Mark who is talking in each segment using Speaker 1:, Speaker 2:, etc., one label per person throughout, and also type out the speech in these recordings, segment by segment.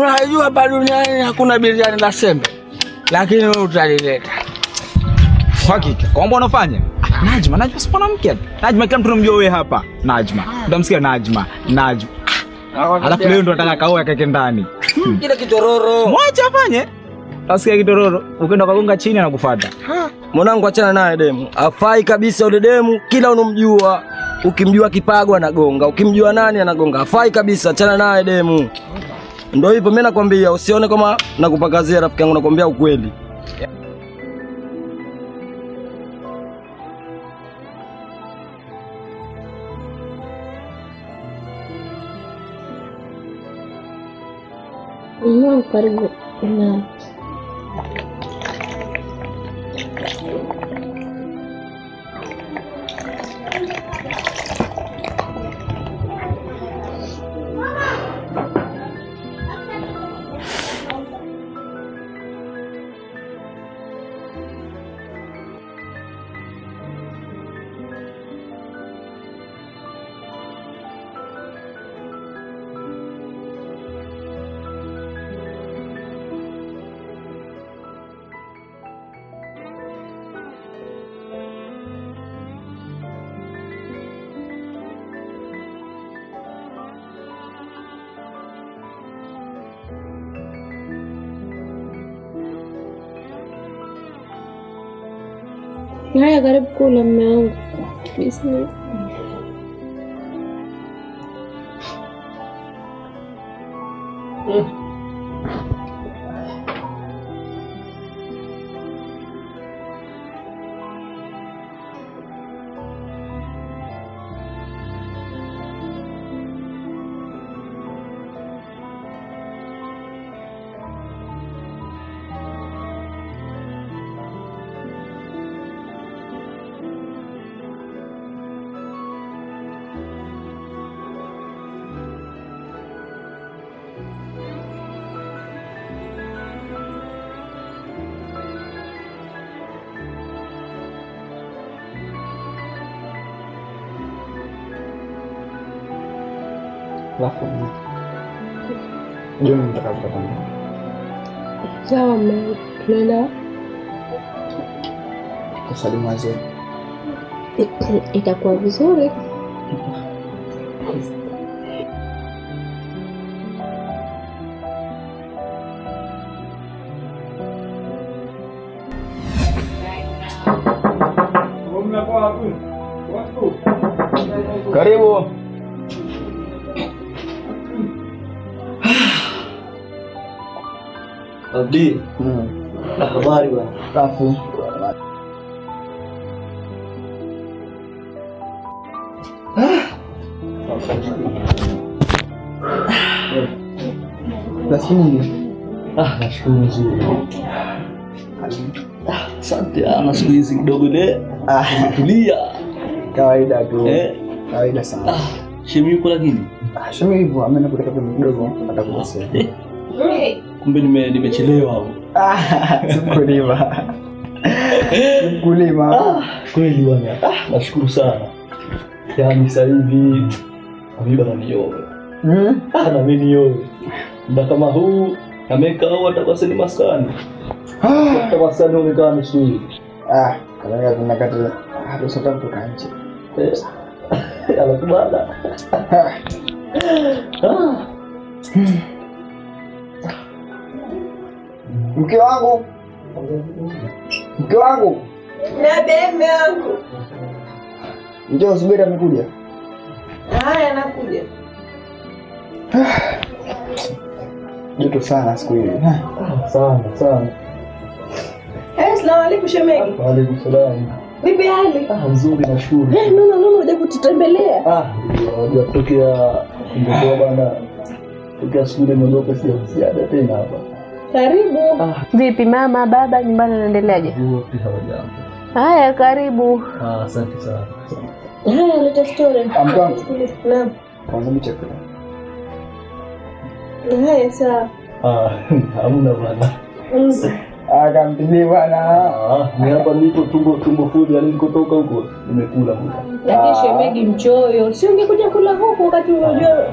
Speaker 1: Unajua hapa duniani hakuna biriani la sembe, lakini wewe utalileta
Speaker 2: hakika. Kwa mbona unafanya Najma? Najma si mwanamke. Najma kila mtu anamjua wewe hapa. Najma ah. utamsikia Najma, Najma ah. Ah, alafu leo ndo nataka kaoa kake ndani
Speaker 3: kile hmm. kitororo.
Speaker 2: Mwache afanye, Tasikia kitororo. Ukienda kagonga chini anakufuata. Mwanangu, achana naye demu, afai kabisa ule demu, kila unomjua Ukimjua kipagwa anagonga, ukimjua nani anagonga. Afai kabisa, achana naye demu. Ndio hivyo mimi nakwambia, usione kama nakupakazia rafiki yangu, nakwambia ukweli.
Speaker 4: Karibu यहाँ अगर कोलम में इसमें
Speaker 5: Alafu jioni mtakaa pamoja.
Speaker 4: Sawa tunaenda
Speaker 5: kusalimu wazee.
Speaker 4: Itakuwa vizuri.
Speaker 5: Karibu. Abdi. Mm. Na habari bwana. Rafu. Nasuni. Ah, nashukuru nzuri. Asante ana siku hizi kidogo de. Ah, tulia. Ah, ah, ah. Kawaida tu. Eh, kawaida sana. Ah, shemi yuko lakini. Ah, shemi yuko ameenda kidogo atakukosea. Kumbe nimechelewa. Ah, mkulima, mkulima kweli bwana. Ah. Nashukuru sana, yaani sasa hivi aninioe mda hmm? kama huu ameka au atakaseni maskani maskani umekaa misuri kutoka mke wangu, mke wangu
Speaker 4: na bebe yangu.
Speaker 5: Njoo, Zuberi amekuja.
Speaker 4: Haya, nakuja.
Speaker 5: Joto sana siku hili ah, sana sana.
Speaker 4: Asalamu eh, alaykum shemeji.
Speaker 5: Wa alaykum salaam.
Speaker 4: Bibi hali?
Speaker 5: Ah, nzuri na shule.
Speaker 4: Eh, nono nono, uja kututembelea.
Speaker 5: Ah, ndio kutokea kumbea bana. Tokea shule ndio pesa ya ziada tena hapa.
Speaker 4: Karibu. Ah, vipi mama, baba, nyumbani anaendeleaje?
Speaker 5: Wote hawajambo.
Speaker 4: Haya, karibu.
Speaker 5: Ah, asante sana.
Speaker 4: Haya, leta story.
Speaker 5: Amkwangu. Ah, Naam. Kwanza mimi chakula.
Speaker 4: Haya, sawa.
Speaker 5: Ah, hamna bwana. Mm. Akampigie bwana. Ah, ni hapa niko tumbo tumbo yaani niko toka huko. Nimekula huko.
Speaker 4: Lakini ah. shemegi mchoyo. Si ungekuja kula huko wakati unajua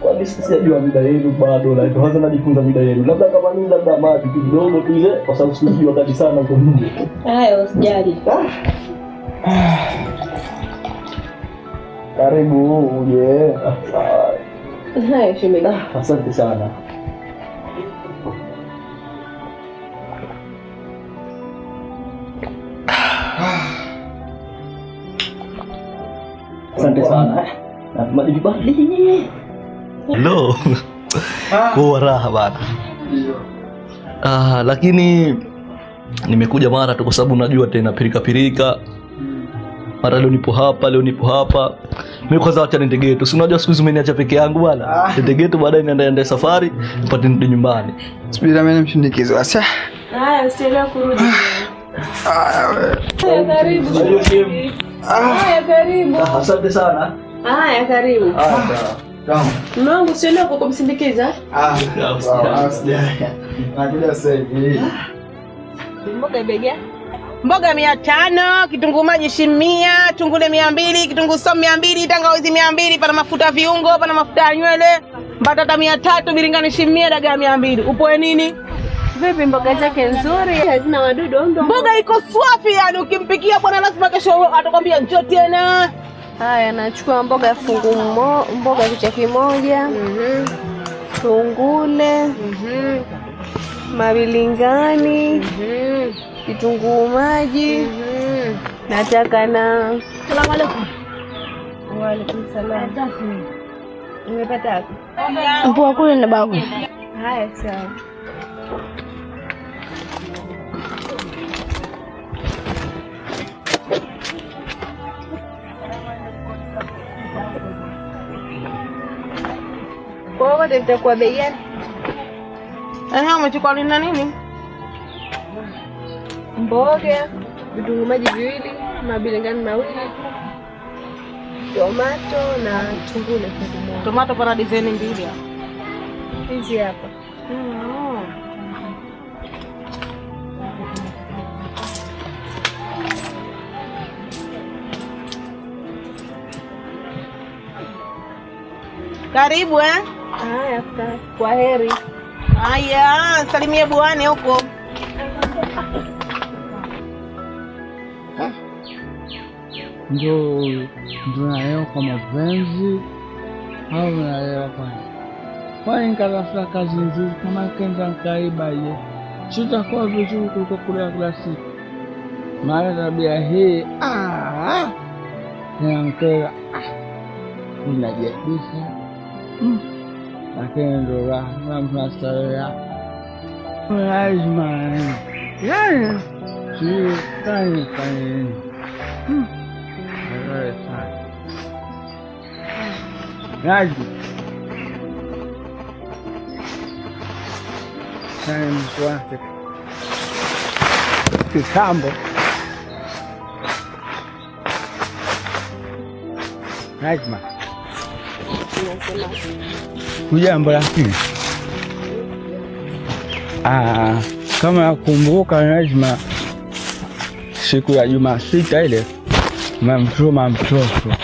Speaker 5: kwani sijajua mida yenu bado, na ndio hasa najifunza mida yenu, labda kama mimi, labda maji kidogo tu ile, kwa sababu sijui wakati sana huko mimi.
Speaker 4: Hayo usijali. Ah.
Speaker 5: Karibu uje.
Speaker 4: Hai, shemeji. Ah,
Speaker 5: asante sana. Asante sana. Na maji
Speaker 2: Hello. Ah. Kwa raha bana. Ah, lakini nimekuja mara tu kwa sababu najua tena pirika pirika. Hmm. Mara leo nipo hapa, leo nipo hapa. Mimi kwanza acha nitegeto. Si unajua siku hizi umeniacha peke yangu bwana. Ah. Nitegeto geto baadaye niende nda safari, nipate nirudi nyumbani.
Speaker 5: Subira mimi mshindikizo. Asa.
Speaker 4: Haya, usielewe kurudi. Ah. Haya wewe. Karibu. Haya karibu.
Speaker 5: Asante sana.
Speaker 4: Haya karibu. Haya. Mmangu sielewa kwa kumsindikiza. Ah, Mboga bega. Mboga mia tano, kitunguu maji shimia, tungule mia mbili, kitunguu somu mia mbili, tangawizi mia mbili, pana mafuta viungo, pana mafuta ya nywele, mbatata mia tatu, biringani shimia, dagaa mia mbili. Upoe nini? Vipi mboga zake nzuri, hazina wadudu. Mboga iko swafi, yani ukimpikia bwana lazima kesho atakwambia njoo tena. Haya, nachukua mboga fungu mo, mboga kichwa kimoja mm -hmm. tungule mm mabilingani mm kitunguu maji mm nataka na Salamu alaykum. Wa alaykum salaam. Nimepata mpoa kule na babu. Haya, sawa. kwa wote vitakuwa bei gani? Ehe, umechukua nini? Mboga, vitunguu maji viwili, mabilingani mawili, tomato na tungule. Tomato pana design mbili hizi hapa. Karibu eh? Haya, kwa heri. Haya, salimie bwana huko.
Speaker 1: Ndo ndo naelewa kwa mapenzi au naelewa kwa kwani, nikatafuta kazi nzuri kama kenza nkaiba iye sitakuwa vizuri kuliko kula kila siku, maana tabia hii ah, inankera, ah, inajabisa akínrora man. fúnra ìsúmọ̀ràn lẹ́yìn tí káyìn káyìn ọ̀rọ̀ ìta ráàjì káyìn tó àfẹ́ kìkàmbọ̀. Right, man. Hujambo lakini, ah, kama nakumbuka, lazima siku ya sita ile mamtuma mtoto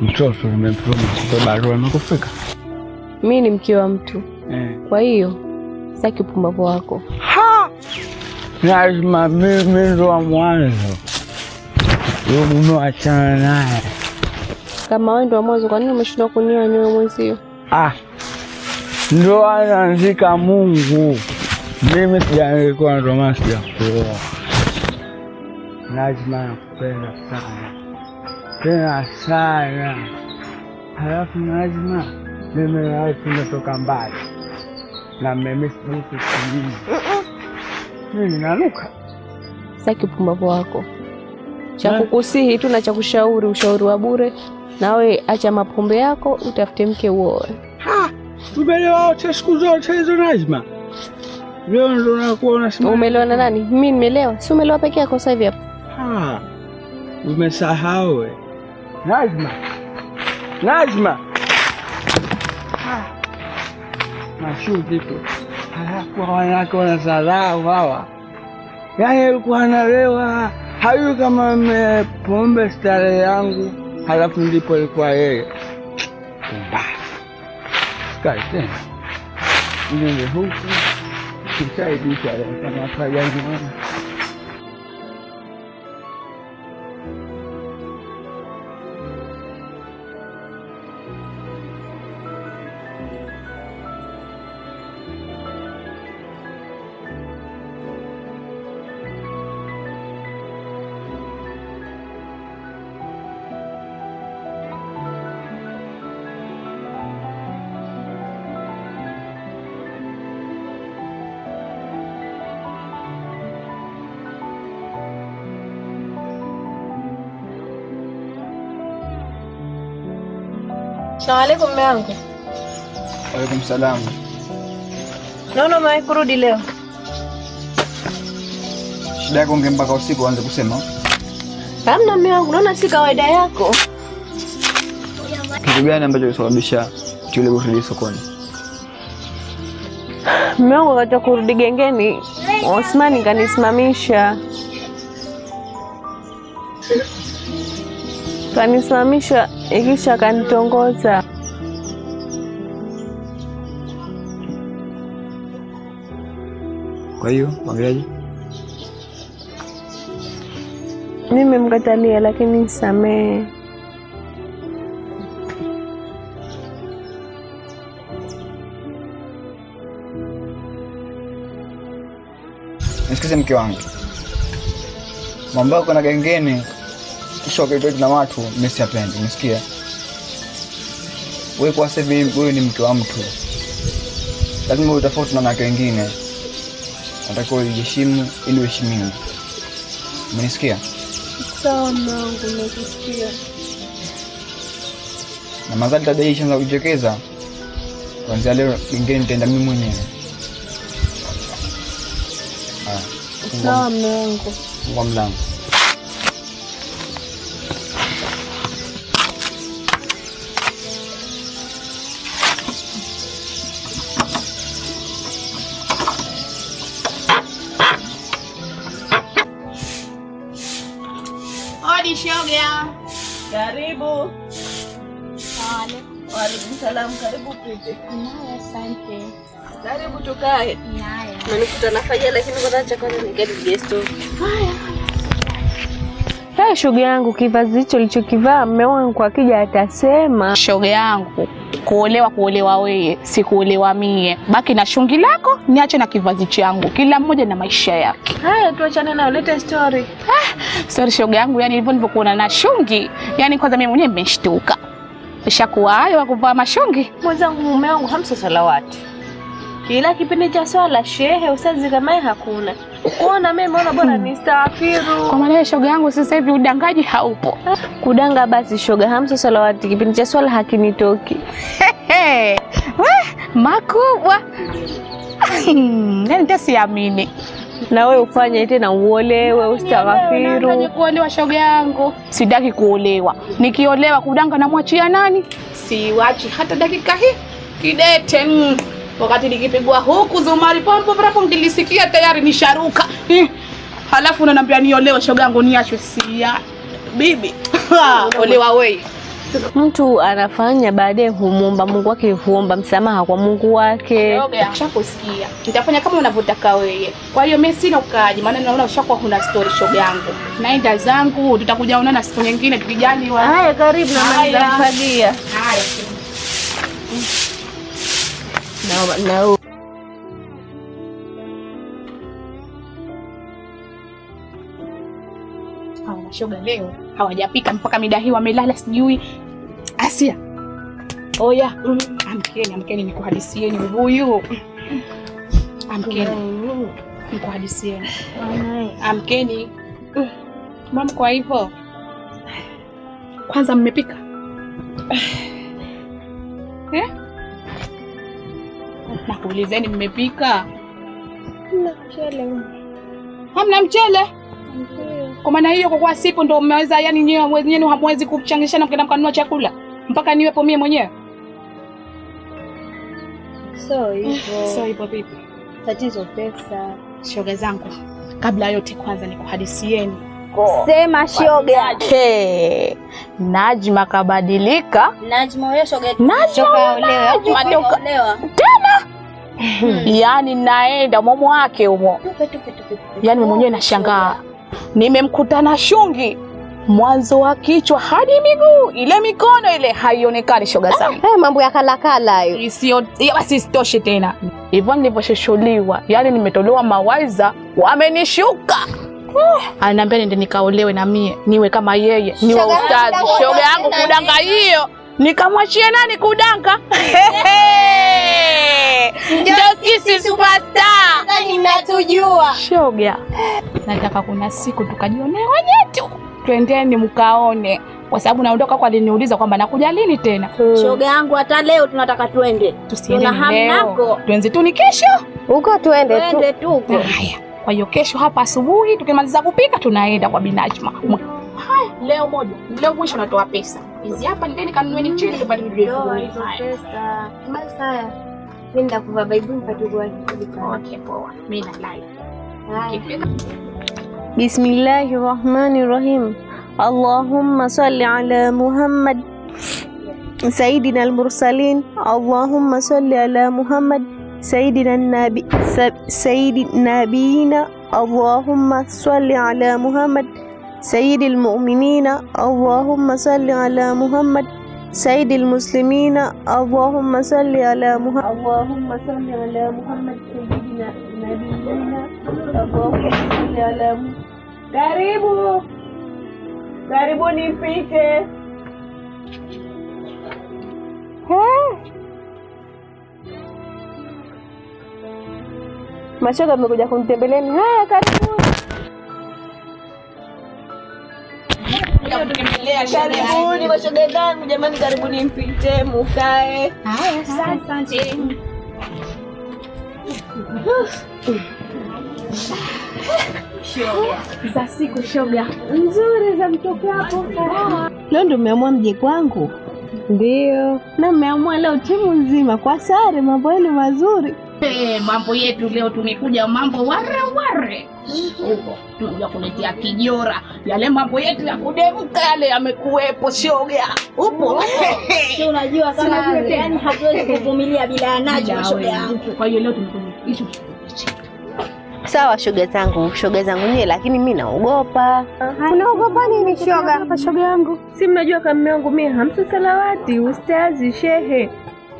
Speaker 1: mtoto, nimemtuma barua, imekufika.
Speaker 4: Mi ni mke wa mtu eh, kwa hiyo saki upumbavu wako.
Speaker 1: Lazima mimi ndo wa mwanzo, achana naye
Speaker 4: kama wewe ndio mwanzo, kwa nini umeshindwa kunioa nyoyo mwenzio?
Speaker 1: Ah, ndio anazika Mungu, mimi sijaoa, ndo maana sijakuoa. lazima nakupenda sana tena sana, halafu lazima mimi tumetoka mbali na mimi sikusikii, mimi ninanuka
Speaker 4: saki upumbavu wako cha kukusihi tu na cha kushauri, ushauri wa bure. Nawe acha mapombe yako, utafute mke uoe.
Speaker 1: Umelewa wote siku zote hizo Najma, leo ndo nakuona.
Speaker 4: Umelewa na nani? Mimi nimelewa? Si umelewa peke yako sasa hivi
Speaker 1: hapa. Umesahau Najma, Najma mashuti tu, halafu wanawake wanasahau hawa yaani alikuwa analewa, hayu kama mepombe stare yangu, halafu ndipo alikuwa yeye skai tena niende huku kisaidisha kama kajangiana
Speaker 4: Salamu alaykum mume wangu.
Speaker 5: Alaykum salam.
Speaker 4: Naona umewahi kurudi leo.
Speaker 5: Shida yako nge mpaka usiku uanze kusema?
Speaker 4: Hamna mume wangu, naona si kawaida yako.
Speaker 5: Kitu gani ambacho kilisababisha yule kurudi sokoni?
Speaker 4: Mume wangu wakati kurudi gengeni, Osmani kanisimamisha. Kanisimamisha ikisha kanitongoza.
Speaker 5: Kwa hiyo wangeaje?
Speaker 4: nimemkatalia, lakini nisamehe.
Speaker 5: Nisikize mke wangu, mambo yako na gengeni kisha wakiitoi na watu, mimi sipendi. Umesikia wewe? Kwa sasa wewe ni mtu wa mtu, lazima uwe tofauti na wanawake wengine. Nataka uheshimu ili uheshimiwe. Umenisikia?
Speaker 4: Sawa mwanangu, nimekusikia.
Speaker 5: Na mazali tabia hii ishaanza kujichekeza. leo ingine nitaenda mimi mwenyewe.
Speaker 4: Sawa mwanangu. Kwa mlango Karibu. Waalaikum salam. Karibu Priti. Asante. Karibu tukae. Nikuta nafanya lakini kwanza cha kwanza ni gari gesto. Haya shoga yangu, kivazi hicho lichokivaa mme wangu akija atasema shoga yangu kuolewa kuolewa weye, si kuolewa mie. Baki na shungi lako, niache na kivazi changu, kila mmoja na maisha yake. Haya, tuachane nayo, leta story. Ah, story shoga yangu, yani hivyo nilivyokuona na shungi, yani kwanza mimi mwenyewe nimeshtuka. Ishakuwa hayo wa kuvaa mashungi. Mwenzangu, mume wangu hamsa salawati, kila kipindi cha swala shehe usazi kama hakuna kuona mimi mbona bora nistafiru. Kwa maana shoga yangu sasa hivi udangaji haupo. Kudanga basi shoga, hamsa salawati, kipindi cha swala hakinitoki makubwa Nani hmm, tasiamini na wewe ufanye tena uolewe, ustaghafiru. Yaani kuolewa shoga yangu, sitaki kuolewa. Nikiolewa kudanga namwachia nani? Siwachi hata dakika hii kidete. Mm wakati nikipigwa huku Zumari pompo pompo mkilisikia tayari nisharuka eh. Halafu unaniambia niolewe, shogangu niachwe, siya bibi ah. olewa wei Mtu anafanya baadaye, humomba Mungu wake, huomba msamaha kwa Mungu wake. Ushakusikia, nitafanya kama unavyotaka wewe. Kwa hiyo mimi sina ukaaji, maana naona ushakuwa huna story, shoga yangu. Naenda zangu, tutakuja onana siku nyingine tukijaliwa. Haya, karibu na mali za Haya. No, no. shoga leo, hawajapika mpaka mida hii, wamelala sijui. Asia, oya, amkeni, amkeni nikuhadisieni huyu. Amkeni nikuhadisieni, amkeni mamkwa Kwa hivyo kwanza mmepika eh? Nakuulizeni, mmepika? Hamna mchele. Hamna mchele? Kwa maana hiyo, kwa kuwa sipo ndo mmeweza, yani nyewe wenyewe hamwezi kuchangishana, mkenda mkanunua chakula mpaka niwepo mie mwenyewe. So hivyo. So hivyo vipi? Tatizo pesa. Shoga zangu, kabla yote kwanza nikuhadisieni. Sema shoga yake Najma kabadilika. Najma, shoga. Najma, shoga, olewa. Tena Hmm. yaani naenda momo wake humo, yaani mimi mwenyewe nashangaa, nimemkutana shungi mwanzo wa kichwa hadi miguu, ile mikono ile haionekani. Shoga ah, zangu, ah, mambo ya kalakala hiyo isiyo basi. Isitoshe tena hivyo nilivyoshushuliwa yaani nimetolewa mawaiza wamenishuka eh. Ananiambia nende nikaolewe na mie niwe kama yeye, niwe ustazi. Shoga yangu kudanga hiyo, nikamwachie nani kudanga? sisi superstar. Nani mnatujua? Shoga, nataka kuna siku tukajionea wenyewe tu, twendeni mkaone, kwa sababu naondoka kwa aliniuliza kwamba nakuja lini tena. Hmm. Shoga yangu, hata leo tunataka twende, tuna hamnako, twenzi tu ni kesho huko, twende tu tu. Haya, kwa hiyo kesho hapa asubuhi tukimaliza kupika tunaenda kwa Binajma. Haya, leo moja, leo mwisho natoa pesa hizi hapa, nendeni ni chini. Pesa. Mimi ndakuvaa baibui mpate kuwa okay. Poa, mimi nalala. Bismillahi rahmani rahim. Allahumma salli ala Muhammad sayidina almursalin. Allahumma salli ala Muhammad sayidina nabi sayidina nabiyina. Allahumma salli ala Muhammad sayidil mu'minina. Allahumma salli ala Muhammad سيد المسلمين اللهم صل على محمد اللهم صل على محمد سيدنا نبينا اللهم صل على karibu ما شاء الله amekuja kunitembeleni haya karibu Karibuni mashoga zangu jamani, karibuni mpite mukae. Za siku shoga nzuri za mtoke hapo. Leo ndo mmeamua mje kwangu? Ndio, na mmeamua leo timu nzima kwa sare. Mambo yenu mazuri. Hey, eh, mambo yetu leo tumekuja mambo wareware huko tunakuja kuletea kijora. Yale mambo yetu ya kudemka yale yamekuwepo, shoga. Upo si unajua sana, yani hatuwezi kuvumilia bila anacho, shoga yangu. Kwa hiyo leo tumekuja Sawa shoga zangu, shoga zangu nyie, lakini mi naogopa. Unaogopa nini shoga? Shoga yangu, si mnajua kama mume wangu mimi hamsa salawati, ustazi, shehe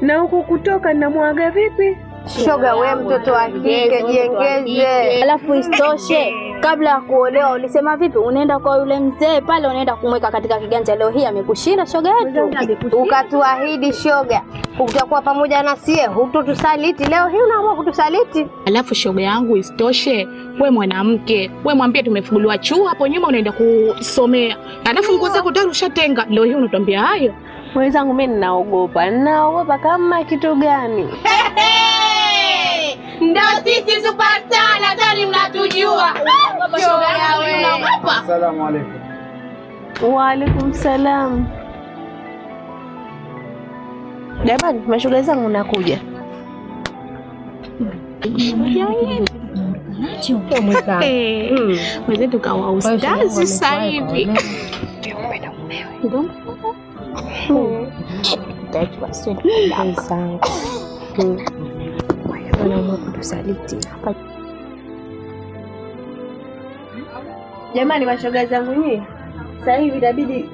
Speaker 4: na huku kutoka namwaga vipi? Shoga we mtoto wa kike jengeze, alafu istoshe kabla ya kuolewa ulisema vipi? Unaenda kwa yule mzee pale, unaenda kumweka katika kiganja. Leo hii amekushinda shoga yetu, ukatuahidi shoga, utakuwa pamoja na sie, hututusaliti. Leo hii unaamua kutusaliti. Alafu shoga yangu, isitoshe we mwanamke, we mwambie tumefunguliwa chuo hapo nyuma, unaenda kusomea, alafu nguo zako tayari ushatenga. Leo hii unatuambia hayo. Mwenzangu, mimi ninaogopa, ninaogopa kama kitu gani? Ndio sisi superstar, nadhani mnatujua.
Speaker 5: Asalamu alaykum.
Speaker 4: Wa alaykum salam. Jamani, mashuga zangu nakuja. Eh, mwenzetu kawa ustazi sasa hivi ameamua kutusaliti hapa. Jamani, mashoga zangu nyie, sasa hivi itabidi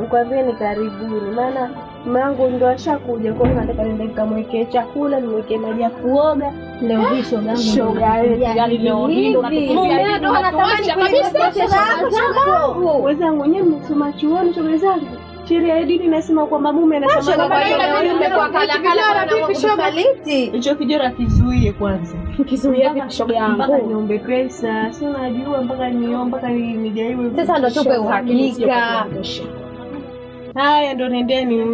Speaker 4: nikwambieni karibuni, maana mume wangu ndio ashakuja kwa nataka niende nikamwekee chakula, nimwekee maji ya kuoga. Leo hii shoga yangu shoga yetu, yaani yaani wenzangu, nyie mmesoma chuoni, shoga zangu sheria ya dini inasema kwamba mume anasaliti. Hicho kijora kizuie kwanza, kizuie mpaka niombe pesa, si najua mpaka niombe mpaka nijaiwe. Sasa ndo tupe uhakika. Haya, ndo nendeni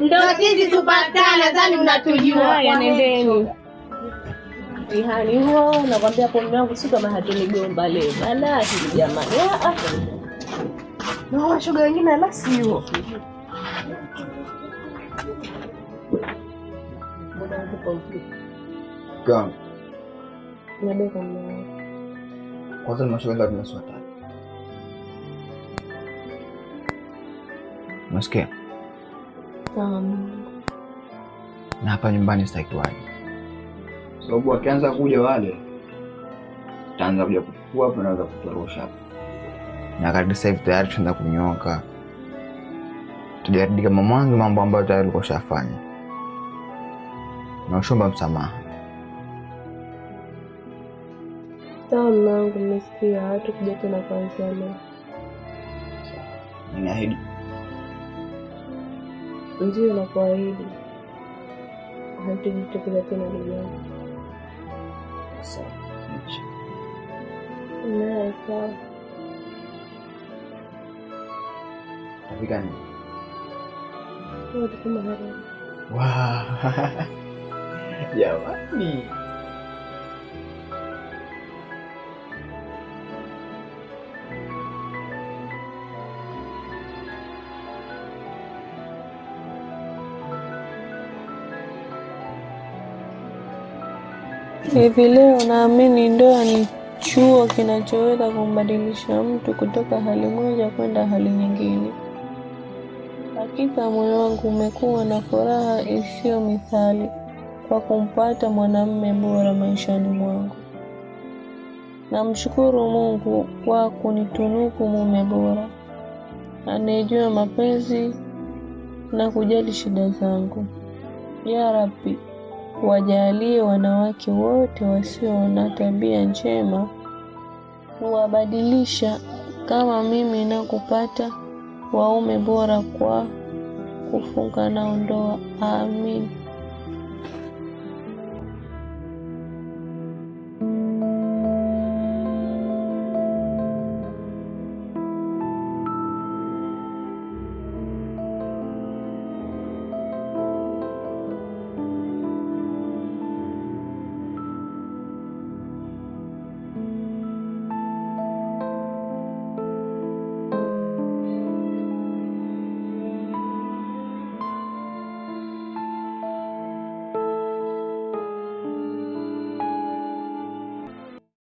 Speaker 4: ndo sisi tupatana, nadhani mnatujua. Haya, nendeni mtihani huo, nakwambia kwa mume wangu si kama hatunigomba leo, balaa hili jamani. Ah, ah na washoga wengine la sio
Speaker 5: kwanza ni mashoga ngapi? Naswa tatu. Unasikia? Na hapa nyumbani sitaki sababu wakianza kuja wale taanza kuja kufukua hapo, naweza kutorosha hapo na wakati sasa hivi tayari tushaanza kunyoka, tujaridi kama mwanzo mambo ambayo tayari ulikuwa ushafanya, na ushomba msamaha.
Speaker 4: Sawa mwanangu, nimesikia. kuja tena kuanzia leo, ninaahidi. Ndio, nakuahidi hatujitokeza tena duniani.
Speaker 5: Sawa. Napika nini? Jamani,
Speaker 4: hivi leo naamini ndoa ni chuo kinachoweza kumbadilisha mtu kutoka hali moja kwenda hali nyingine. Hakika moyo wangu umekuwa na furaha isiyo mithali kwa kumpata mwanamume bora maishani mwangu. Namshukuru Mungu kwa kunitunuku mume bora anayejua mapenzi na kujali shida zangu. Ya Rabbi, wajalie wanawake wote wasio na tabia njema, kuwabadilisha kama mimi na kupata waume bora kwa kufunga na ndoa. Amin.